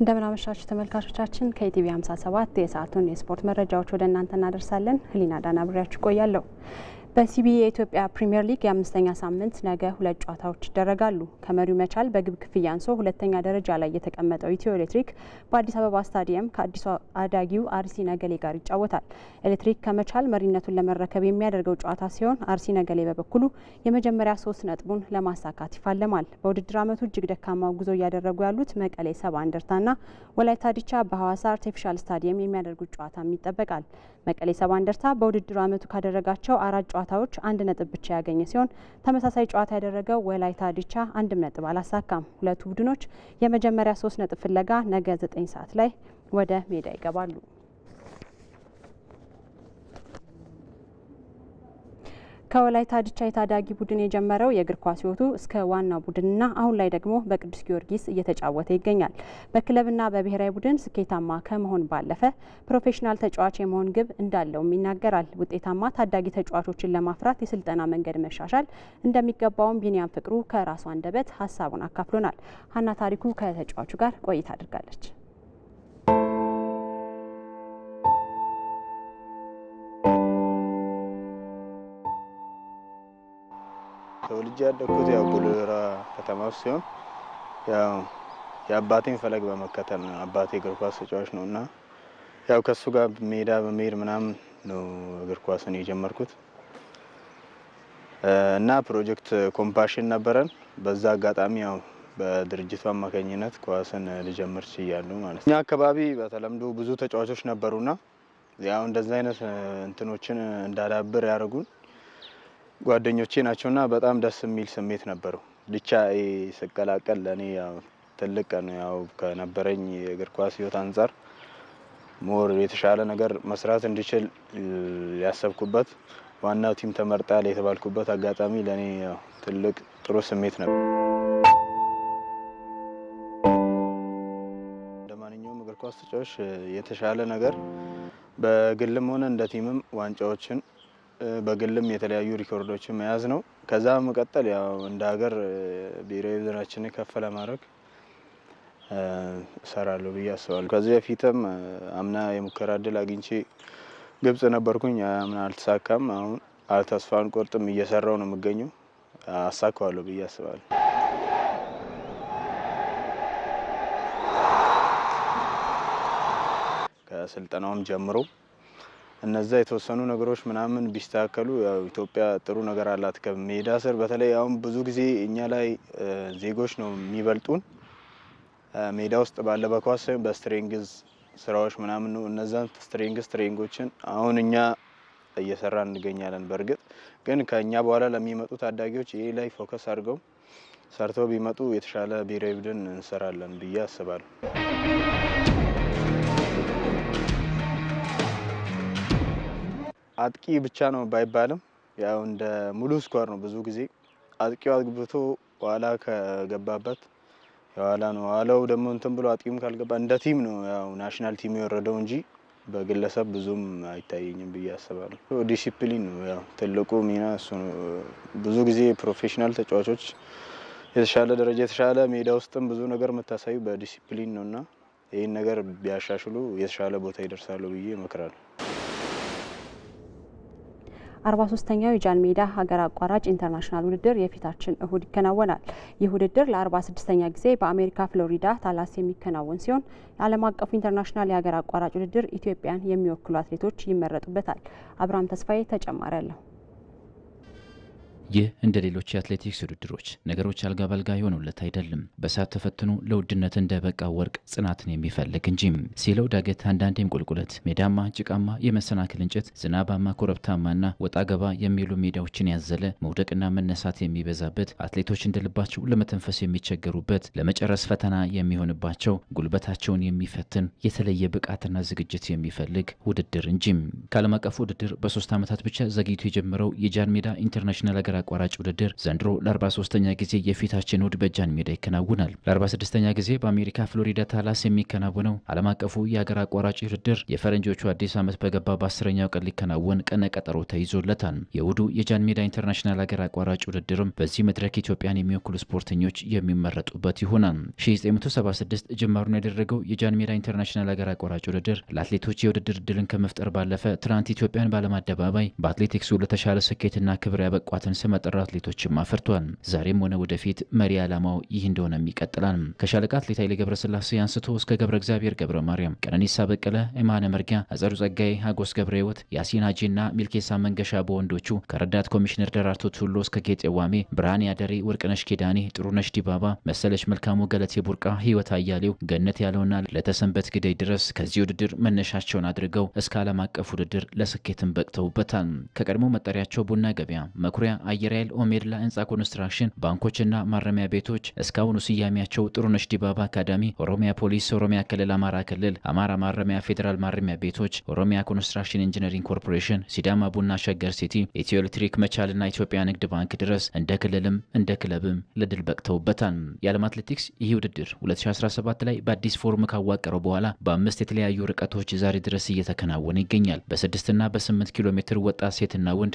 እንደምናመሻችሁ ተመልካቾቻችን። ከኢቲቪ 57 የሰዓቱን የስፖርት መረጃዎች ወደ እናንተ እናደርሳለን። ህሊና ዳና ብሬያችሁ ቆያለሁ። በሲቢ የኢትዮጵያ ፕሪምየር ሊግ የአምስተኛ ሳምንት ነገ ሁለት ጨዋታዎች ይደረጋሉ። ከመሪው መቻል በግብ ክፍያ አንሶ ሁለተኛ ደረጃ ላይ የተቀመጠው ኢትዮ ኤሌክትሪክ በአዲስ አበባ ስታዲየም ከአዲሱ አዳጊው አርሲ ነገሌ ጋር ይጫወታል። ኤሌክትሪክ ከመቻል መሪነቱን ለመረከብ የሚያደርገው ጨዋታ ሲሆን፣ አርሲ ነገሌ በበኩሉ የመጀመሪያ ሶስት ነጥቡን ለማሳካት ይፋለማል። በውድድር ዓመቱ እጅግ ደካማው ጉዞ እያደረጉ ያሉት መቀሌ ሰባ እንደርታና ወላይታ ዲቻ በሐዋሳ አርቲፊሻል ስታዲየም የሚያደርጉት ጨዋታም ይጠበቃል። መቀሌ ሰባ እንደርታ በውድድሩ ዓመቱ ካደረጋቸው አራት ጨዋታዎች አንድ ነጥብ ብቻ ያገኘ ሲሆን ተመሳሳይ ጨዋታ ያደረገው ወላይታ ዲቻ አንድም ነጥብ አላሳካም። ሁለቱ ቡድኖች የመጀመሪያ ሶስት ነጥብ ፍለጋ ነገ ዘጠኝ ሰዓት ላይ ወደ ሜዳ ይገባሉ። ከወላይታ ድቻ የታዳጊ ቡድን የጀመረው የእግር ኳስ ህይወቱ እስከ ዋና ቡድንና አሁን ላይ ደግሞ በቅዱስ ጊዮርጊስ እየተጫወተ ይገኛል። በክለብና በብሔራዊ ቡድን ስኬታማ ከመሆን ባለፈ ፕሮፌሽናል ተጫዋች የመሆን ግብ እንዳለውም ይናገራል። ውጤታማ ታዳጊ ተጫዋቾችን ለማፍራት የስልጠና መንገድ መሻሻል እንደሚገባውም ቢኒያም ፍቅሩ ከራሱ አንደበት ሀሳቡን አካፍሎናል። ሀና ታሪኩ ከተጫዋቹ ጋር ቆይታ አድርጋለች። ተወልጄ ያደግኩት ያው ቡሌሆራ ከተማ ውስጥ ሲሆን ያው የአባቴን ፈለግ በመከተል ነው። አባቴ እግር ኳስ ተጫዋች ነው እና ያው ከእሱ ጋር ሜዳ በመሄድ ምናምን ነው እግር ኳስን የጀመርኩት እና ፕሮጀክት ኮምፓሽን ነበረን። በዛ አጋጣሚ ያው በድርጅቱ አማካኝነት ኳስን ልጀምር ችያለሁ ማለት ነው። እኛ አካባቢ በተለምዶ ብዙ ተጫዋቾች ነበሩና ያው እንደዚህ አይነት እንትኖችን እንዳዳብር ያደርጉን ጓደኞቼ ናቸውና በጣም ደስ የሚል ስሜት ነበረው። ልቻ ስቀላቀል ለእኔ ትልቅ ቀን ያው ከነበረኝ የእግር ኳስ ህይወት አንጻር ሞር የተሻለ ነገር መስራት እንድችል ያሰብኩበት ዋናው ቲም ተመርጣል የተባልኩበት አጋጣሚ ለእኔ ትልቅ ጥሩ ስሜት ነበር። እንደ ማንኛውም እግር ኳስ ተጫዋች የተሻለ ነገር በግልም ሆነ እንደ ቲምም ዋንጫዎችን በግልም የተለያዩ ሪኮርዶችን መያዝ ነው። ከዛ መቀጠል ያው እንደ ሀገር ብሔራዊ ቡድናችንን ከፍ ለማድረግ እሰራለሁ ብዬ አስባለሁ። ከዚህ በፊትም አምና የሙከራ እድል አግኝቼ ግብጽ ነበርኩኝ። አምና አልተሳካም። አሁን አልተስፋን ቆርጥም እየሰራው ነው የምገኘው። አሳካዋለሁ ብዬ አስባለሁ። ከስልጠናውም ጀምሮ እነዛ የተወሰኑ ነገሮች ምናምን ቢስተካከሉ ያው ኢትዮጵያ ጥሩ ነገር አላት። ከሜዳ ስር በተለይ አሁን ብዙ ጊዜ እኛ ላይ ዜጎች ነው የሚበልጡን ሜዳ ውስጥ ባለ በኳስ ሳይሆን በስትሬንግዝ ስራዎች ምናምን ነው። እነዛን ስትሬንግዝ ትሬኒንጎችን አሁን እኛ እየሰራ እንገኛለን። በእርግጥ ግን ከእኛ በኋላ ለሚመጡ ታዳጊዎች ይህ ላይ ፎከስ አድርገው ሰርተው ቢመጡ የተሻለ ብሔራዊ ቡድን እንሰራለን ብዬ አስባለሁ። አጥቂ ብቻ ነው ባይባልም ያው እንደ ሙሉ ስኳር ነው። ብዙ ጊዜ አጥቂው አግብቶ ኋላ ከገባበት የኋላ ነው። ኋላው ደግሞ እንትን ብሎ አጥቂም ካልገባ እንደ ቲም ነው ያው ናሽናል ቲም የወረደው እንጂ በግለሰብ ብዙም አይታየኝም ብዬ አስባለሁ። ዲሲፕሊን ነው ያው ትልቁ ሚና እሱ ነው። ብዙ ጊዜ ፕሮፌሽናል ተጫዋቾች የተሻለ ደረጃ የተሻለ ሜዳ ውስጥም ብዙ ነገር የምታሳዩ በዲሲፕሊን ነው እና ይህን ነገር ቢያሻሽሉ የተሻለ ቦታ ይደርሳሉ ብዬ እመክራለሁ። አርባ ሶስተኛው የጃን ሜዳ ሀገር አቋራጭ ኢንተርናሽናል ውድድር የፊታችን እሁድ ይከናወናል። ይህ ውድድር ለአርባ ስድስተኛ ጊዜ በአሜሪካ ፍሎሪዳ ታላስ የሚከናወን ሲሆን ለዓለም አቀፉ ኢንተርናሽናል የሀገር አቋራጭ ውድድር ኢትዮጵያን የሚወክሉ አትሌቶች ይመረጡበታል። አብርሃም ተስፋዬ ተጨማሪ አለሁ ይህ እንደ ሌሎች የአትሌቲክስ ውድድሮች ነገሮች አልጋ በልጋ የሆኑለት አይደለም። በሳት ተፈትኖ ለውድነት እንደ በቃ ወርቅ ጽናትን የሚፈልግ እንጂ ሲለው ዳገት፣ አንዳንዴም ቁልቁለት፣ ሜዳማ፣ ጭቃማ፣ የመሰናክል እንጨት፣ ዝናባማ፣ ኮረብታማና ወጣ ገባ የሚሉ ሜዳዎችን ያዘለ መውደቅና መነሳት የሚበዛበት አትሌቶች እንደልባቸው ለመተንፈስ የሚቸገሩበት ለመጨረስ ፈተና የሚሆንባቸው ጉልበታቸውን የሚፈትን የተለየ ብቃትና ዝግጅት የሚፈልግ ውድድር እንጂ ከዓለም አቀፉ ውድድር በሶስት ዓመታት ብቻ ዘግይቶ የጀመረው የጃን ሜዳ ኢንተርናሽናል ሀገር አቋራጭ ውድድር ዘንድሮ ለ43ኛ ጊዜ የፊታችን እሁድ በጃን ሜዳ ይከናውናል። ለ46ኛ ጊዜ በአሜሪካ ፍሎሪዳ ታላስ የሚከናወነው ዓለም አቀፉ የሀገር አቋራጭ ውድድር የፈረንጆቹ አዲስ ዓመት በገባ በአስረኛው ቀን ሊከናወን ቀነ ቀጠሮ ተይዞለታል። የእሁዱ የጃን ሜዳ ኢንተርናሽናል ሀገር አቋራጭ ውድድርም በዚህ መድረክ ኢትዮጵያን የሚወክሉ ስፖርተኞች የሚመረጡበት ይሆናል። 1976 ጅማሩን ያደረገው የጃን ሜዳ ኢንተርናሽናል ሀገር አቋራጭ ውድድር ለአትሌቶች የውድድር ድልን ከመፍጠር ባለፈ ትናንት ኢትዮጵያን በዓለም አደባባይ በአትሌቲክሱ ለተሻለ ስኬትና ክብር ያበቋትን ስመ ጥር አትሌቶችም አፈርቷል። ዛሬም ሆነ ወደፊት መሪ ዓላማው ይህ እንደሆነም ይቀጥላል። ከሻለቃ አትሌት ኃይሌ ገብረስላሴ አንስቶ እስከ ገብረ እግዚአብሔር ገብረ ማርያም፣ ቀነኒሳ በቀለ፣ የማነ መርጊያ፣ አጸዱ ጸጋይ፣ አጎስ ገብረ ህይወት፣ ያሲን ሀጂና ሚልኬሳ መንገሻ በወንዶቹ ከረዳት ኮሚሽነር ደራርቶ ቱሉ እስከ ጌጤ ዋሜ፣ ብርሃን ያደሬ፣ ወርቅነሽ ኪዳኔ፣ ጥሩነሽ ዲባባ፣ መሰለች መልካሙ፣ ገለቴ ቡርቃ፣ ህይወት አያሌው፣ ገነት ያለውና ለተሰንበት ግደይ ድረስ ከዚህ ውድድር መነሻቸውን አድርገው እስከ ዓለም አቀፍ ውድድር ለስኬትም በቅተውበታል። ከቀድሞ መጠሪያቸው ቡና ገበያ መኩሪያ አየር ኃይል፣ ኦሜድላ፣ ህንፃ ኮንስትራክሽን፣ ባንኮችና ማረሚያ ቤቶች እስካሁኑ ስያሜያቸው ጥሩነሽ ዲባባ አካዳሚ፣ ኦሮሚያ ፖሊስ፣ ኦሮሚያ ክልል፣ አማራ ክልል፣ አማራ ማረሚያ፣ ፌዴራል ማረሚያ ቤቶች፣ ኦሮሚያ ኮንስትራክሽን ኢንጂነሪንግ ኮርፖሬሽን፣ ሲዳማ ቡና፣ ሸገር ሲቲ፣ ኢትዮ ኤሌክትሪክ፣ መቻልና ኢትዮጵያ ንግድ ባንክ ድረስ እንደ ክልልም እንደ ክለብም ለድል በቅተውበታል። የዓለም አትሌቲክስ ይህ ውድድር 2017 ላይ በአዲስ ፎርም ካዋቀረው በኋላ በአምስት የተለያዩ ርቀቶች ዛሬ ድረስ እየተከናወነ ይገኛል። በስድስትና በስምንት ኪሎ ሜትር ወጣት ሴትና ወንድ፣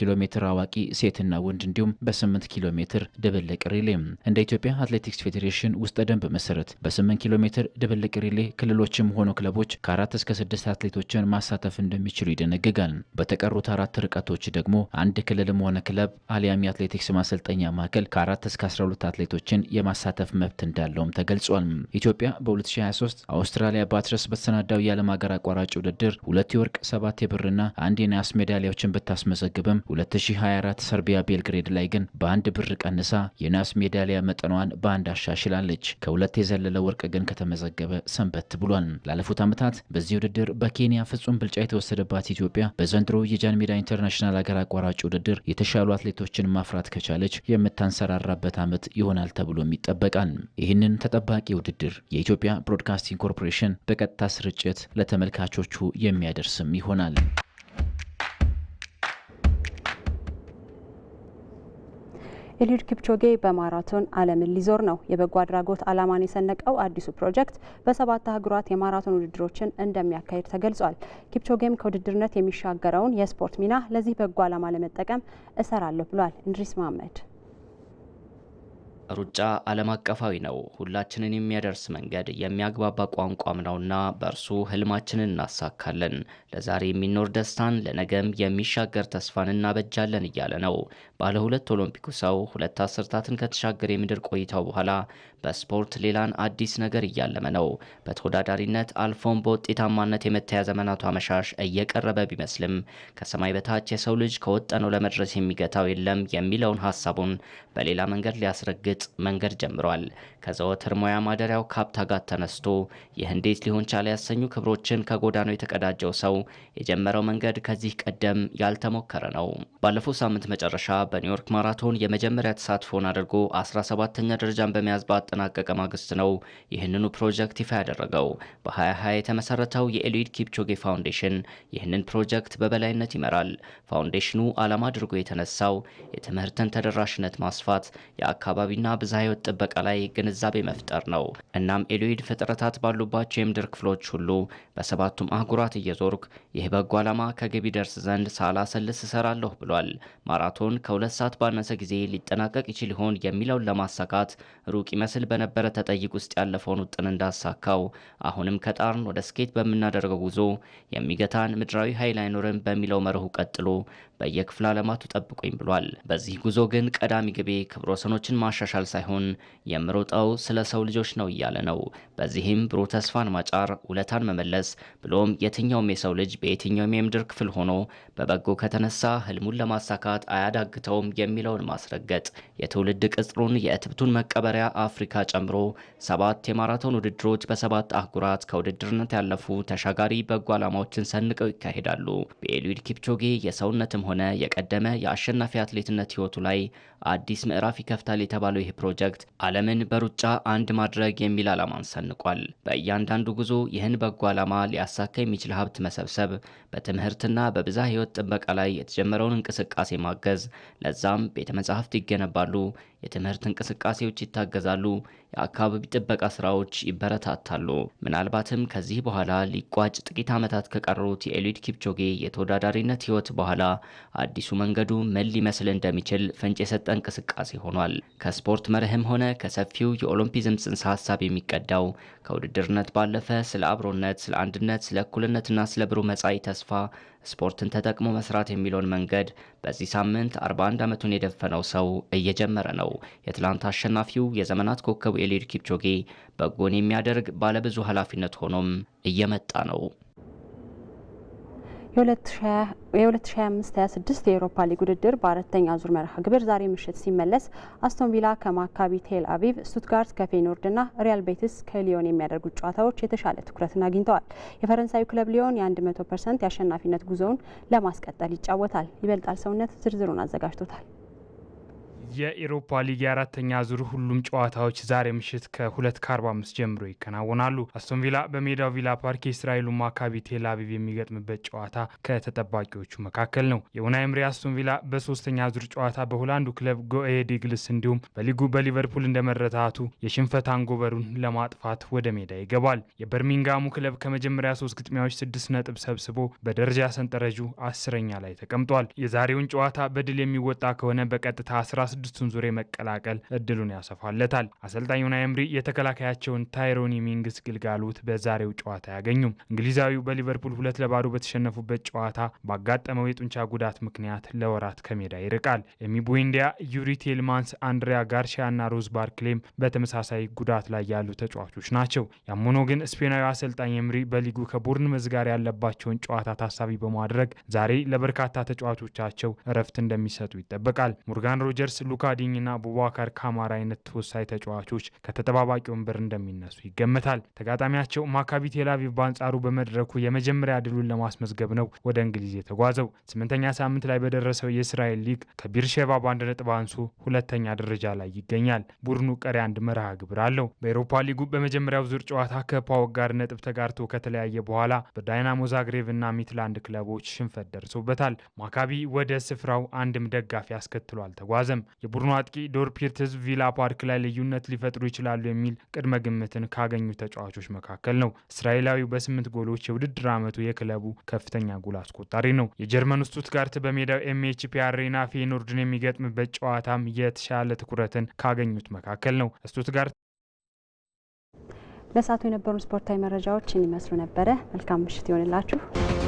ኪሎ ሜትር አዋቂ ሴት ሴትና ወንድ እንዲሁም በ8 ኪሎ ሜትር ድብልቅ ሪሌ እንደ ኢትዮጵያ አትሌቲክስ ፌዴሬሽን ውስጥ ደንብ መሰረት በ8 ኪሎ ሜትር ድብልቅ ሪሌ ክልሎችም ሆኑ ክለቦች ከአራት እስከ ስድስት አትሌቶችን ማሳተፍ እንደሚችሉ ይደነግጋል። በተቀሩት አራት ርቀቶች ደግሞ አንድ ክልልም ሆነ ክለብ አሊያም የአትሌቲክስ ማሰልጠኛ ማዕከል ከአራት እስከ 12 አትሌቶችን የማሳተፍ መብት እንዳለውም ተገልጿል። ኢትዮጵያ በ2023 አውስትራሊያ ባትረስ በተሰናዳው የዓለም ሀገር አቋራጭ ውድድር ሁለት የወርቅ ሰባት የብርና አንድ የነሐስ ሜዳሊያዎችን ብታስመዘግብም 2024 ሰርቤ ስላቪያ ቤልግሬድ ላይ ግን በአንድ ብር ቀንሳ የናስ ሜዳሊያ መጠኗን በአንድ አሻሽላለች። ከሁለት የዘለለ ወርቅ ግን ከተመዘገበ ሰንበት ብሏል። ላለፉት ዓመታት በዚህ ውድድር በኬንያ ፍጹም ብልጫ የተወሰደባት ኢትዮጵያ በዘንድሮ የጃን ሜዳ ኢንተርናሽናል አገር አቋራጭ ውድድር የተሻሉ አትሌቶችን ማፍራት ከቻለች የምታንሰራራበት ዓመት ይሆናል ተብሎም ይጠበቃል። ይህንን ተጠባቂ ውድድር የኢትዮጵያ ብሮድካስቲንግ ኮርፖሬሽን በቀጥታ ስርጭት ለተመልካቾቹ የሚያደርስም ይሆናል። ኤልዩድ ኪፕቾጌ በማራቶን ዓለምን ሊዞር ነው። የበጎ አድራጎት ዓላማን የሰነቀው አዲሱ ፕሮጀክት በሰባት አህጉራት የማራቶን ውድድሮችን እንደሚያካሄድ ተገልጿል። ኪፕቾጌም ከውድድርነት የሚሻገረውን የስፖርት ሚና ለዚህ በጎ ዓላማ ለመጠቀም እሰራለሁ ብሏል። እንድሪስ መሀመድ ሩጫ ዓለም አቀፋዊ ነው። ሁላችንን የሚያደርስ መንገድ የሚያግባባ ቋንቋም ነውና በእርሱ ህልማችንን እናሳካለን። ለዛሬ የሚኖር ደስታን፣ ለነገም የሚሻገር ተስፋን እናበጃለን እያለ ነው ባለ ሁለት ኦሎምፒኩ ሰው። ሁለት አስርታትን ከተሻገረ የምድር ቆይታው በኋላ በስፖርት ሌላን አዲስ ነገር እያለመ ነው። በተወዳዳሪነት አልፎም በውጤታማነት የመታያ ዘመናቱ አመሻሽ እየቀረበ ቢመስልም ከሰማይ በታች የሰው ልጅ ከወጠነው ለመድረስ የሚገታው የለም የሚለውን ሀሳቡን በሌላ መንገድ ሊያስረግጥ መንገድ ጀምሯል። ከዘወትር ሙያ ማደሪያው ካፕታ ጋር ተነስቶ ይህ እንዴት ሊሆን ቻለ ያሰኙ ክብሮችን ከጎዳናው የተቀዳጀው ሰው የጀመረው መንገድ ከዚህ ቀደም ያልተሞከረ ነው። ባለፈው ሳምንት መጨረሻ በኒውዮርክ ማራቶን የመጀመሪያ ተሳትፎን አድርጎ 17 ተኛ ደረጃን በመያዝ ከተጠናቀቀ ማግስት ነው ይህንኑ ፕሮጀክት ይፋ ያደረገው። በ2020 የተመሰረተው የኤልዊድ ኪፕቾጌ ፋውንዴሽን ይህንን ፕሮጀክት በበላይነት ይመራል። ፋውንዴሽኑ ዓላማ አድርጎ የተነሳው የትምህርትን ተደራሽነት ማስፋት፣ የአካባቢና ብዝሃ ሕይወት ጥበቃ ላይ ግንዛቤ መፍጠር ነው። እናም ኤልዊድ ፍጥረታት ባሉባቸው የምድር ክፍሎች ሁሉ በሰባቱም አህጉራት እየዞርኩ ይህ በጎ ዓላማ ከግብ ይደርስ ዘንድ ሳላሰልስ እሰራለሁ ብሏል። ማራቶን ከሁለት ሰዓት ባነሰ ጊዜ ሊጠናቀቅ ይችል ይሆን የሚለውን ለማሳካት ሩቅ ይመስል ስትል በነበረ ተጠይቅ ውስጥ ያለፈውን ውጥን እንዳሳካው አሁንም ከጣርን ወደ ስኬት በምናደርገው ጉዞ የሚገታን ምድራዊ ኃይል አይኖርም በሚለው መርሁ ቀጥሎ በየክፍለ ዓለማቱ ጠብቁኝ ብሏል። በዚህ ጉዞ ግን ቀዳሚ ግቤ ክብረ ወሰኖችን ማሻሻል ሳይሆን የምሮጠው ስለ ሰው ልጆች ነው እያለ ነው። በዚህም ብሩህ ተስፋን ማጫር፣ ውለታን መመለስ ብሎም የትኛውም የሰው ልጅ በየትኛውም የምድር ክፍል ሆኖ በበጎ ከተነሳ ህልሙን ለማሳካት አያዳግተውም የሚለውን ማስረገጥ፣ የትውልድ ቅጽሩን የእትብቱን መቀበሪያ አፍሪካ ጨምሮ ሰባት የማራቶን ውድድሮች በሰባት አህጉራት ከውድድርነት ያለፉ ተሻጋሪ በጎ ዓላማዎችን ሰንቀው ይካሄዳሉ። በኤልዊድ ኪፕቾጌ የሰውነትም ሆነ የቀደመ የአሸናፊ አትሌትነት ህይወቱ ላይ አዲስ ምዕራፍ ይከፍታል የተባለው ይህ ፕሮጀክት ዓለምን በሩጫ አንድ ማድረግ የሚል ዓላማን ሰንቋል። በእያንዳንዱ ጉዞ ይህን በጎ ዓላማ ሊያሳካ የሚችል ሀብት መሰብሰብ፣ በትምህርትና በብዛ ህይወት ጥበቃ ላይ የተጀመረውን እንቅስቃሴ ማገዝ፣ ለዛም ቤተ መጻሕፍት ይገነባሉ የትምህርት እንቅስቃሴዎች ይታገዛሉ፣ የአካባቢ ጥበቃ ስራዎች ይበረታታሉ። ምናልባትም ከዚህ በኋላ ሊቋጭ ጥቂት ዓመታት ከቀሩት የኤሊድ ኪፕቾጌ የተወዳዳሪነት ህይወት በኋላ አዲሱ መንገዱ ምን ሊመስል እንደሚችል ፍንጭ የሰጠ እንቅስቃሴ ሆኗል። ከስፖርት መርህም ሆነ ከሰፊው የኦሎምፒዝም ጽንሰ ሀሳብ የሚቀዳው ከውድድርነት ባለፈ ስለ አብሮነት፣ ስለ አንድነት፣ ስለ እኩልነትና ስለ ብሩህ መጻኢ ተስፋ ስፖርትን ተጠቅሞ መስራት የሚለውን መንገድ በዚህ ሳምንት 41 ዓመቱን የደፈነው ሰው እየጀመረ ነው። የትላንት አሸናፊው የዘመናት ኮከብ ኤሊድ ኪፕቾጌ በጎን የሚያደርግ ባለብዙ ኃላፊነት ሆኖም እየመጣ ነው። የ2025/26 የአውሮፓ ሊግ ውድድር በአራተኛ ዙር መርሃ ግብር ዛሬ ምሽት ሲመለስ አስቶን ቪላ ከማካቢ ቴል አቪቭ፣ ስቱትጋርት ከፌኖርድና ሪያል ቤቲስ ከሊዮን የሚያደርጉት ጨዋታዎች የተሻለ ትኩረትን አግኝተዋል። የፈረንሳዩ ክለብ ሊዮን የ100 ፐርሰንት የአሸናፊነት ጉዞውን ለማስቀጠል ይጫወታል። ይበልጣል ሰውነት ዝርዝሩን አዘጋጅቶታል። የኢሮፓ ሊግ የአራተኛ ዙር ሁሉም ጨዋታዎች ዛሬ ምሽት ከ2 ከ45 ጀምሮ ይከናወናሉ። አስቶን ቪላ በሜዳው ቪላ ፓርክ የእስራኤሉ ማካቢ ቴል አቪቭ የሚገጥምበት ጨዋታ ከተጠባቂዎቹ መካከል ነው። የኡናይ ኤምሪ አስቶን ቪላ በሶስተኛ ዙር ጨዋታ በሆላንዱ ክለብ ጎኤድ ግልስ እንዲሁም በሊጉ በሊቨርፑል እንደመረታቱ የሽንፈት አንጎበሩን ለማጥፋት ወደ ሜዳ ይገባል። የበርሚንጋሙ ክለብ ከመጀመሪያ ሶስት ግጥሚያዎች ስድስት ነጥብ ሰብስቦ በደረጃ ሰንጠረዡ አስረኛ ላይ ተቀምጧል። የዛሬውን ጨዋታ በድል የሚወጣ ከሆነ በቀጥታ 16 ስድስቱን ዙር መቀላቀል እድሉን ያሰፋለታል። አሰልጣኝ ኡናይ ኤምሪ የተከላካያቸውን ታይሮኒ ሚንግስ ግልጋሎት በዛሬው ጨዋታ አያገኙም። እንግሊዛዊው በሊቨርፑል ሁለት ለባዶ በተሸነፉበት ጨዋታ ባጋጠመው የጡንቻ ጉዳት ምክንያት ለወራት ከሜዳ ይርቃል። ኤሚ ቡዌንዲያ፣ ዩሪ ቴልማንስ፣ አንድሪያ ጋርሺያ እና ሮዝ ባርክሌም በተመሳሳይ ጉዳት ላይ ያሉ ተጫዋቾች ናቸው። ያም ሆኖ ግን ስፔናዊ አሰልጣኝ ኤምሪ በሊጉ ከቦርንመዝ ጋር ያለባቸውን ጨዋታ ታሳቢ በማድረግ ዛሬ ለበርካታ ተጫዋቾቻቸው እረፍት እንደሚሰጡ ይጠበቃል። ሞርጋን ሮጀርስ ሉካዲኝና ቡቧካር ካማራ አይነት ተወሳኝ ተጫዋቾች ከተጠባባቂ ወንበር እንደሚነሱ ይገመታል። ተጋጣሚያቸው ማካቢ ቴላቪቭ በአንጻሩ በመድረኩ የመጀመሪያ ድሉን ለማስመዝገብ ነው ወደ እንግሊዝ የተጓዘው። ስምንተኛ ሳምንት ላይ በደረሰው የእስራኤል ሊግ ከቢርሼቫ በአንድ ነጥብ አንሱ ሁለተኛ ደረጃ ላይ ይገኛል። ቡድኑ ቀሪ አንድ መርሃ ግብር አለው። በኤሮፓ ሊጉ በመጀመሪያው ዙር ጨዋታ ከፓወቅ ጋር ነጥብ ተጋርቶ ከተለያየ በኋላ በዳይናሞ ዛግሬቭ እና ሚትላንድ ክለቦች ሽንፈት ደርሶበታል። ማካቢ ወደ ስፍራው አንድም ደጋፊ አስከትሎ አልተጓዘም። የቡድኑ አጥቂ ዶር ፒርትዝ ቪላ ፓርክ ላይ ልዩነት ሊፈጥሩ ይችላሉ የሚል ቅድመ ግምትን ካገኙ ተጫዋቾች መካከል ነው። እስራኤላዊው በስምንት ጎሎች የውድድር ዓመቱ የክለቡ ከፍተኛ ጎል አስቆጣሪ ነው። የጀርመን ስቱትጋርት በሜዳው ኤምኤችፒ አሬና ፌኖርድን የሚገጥምበት ጨዋታም የተሻለ ትኩረትን ካገኙት መካከል ነው። ስቱትጋርት ለሳቱ የነበሩን ስፖርታዊ መረጃዎች ይመስሉ ነበረ። መልካም ምሽት ይሆንላችሁ።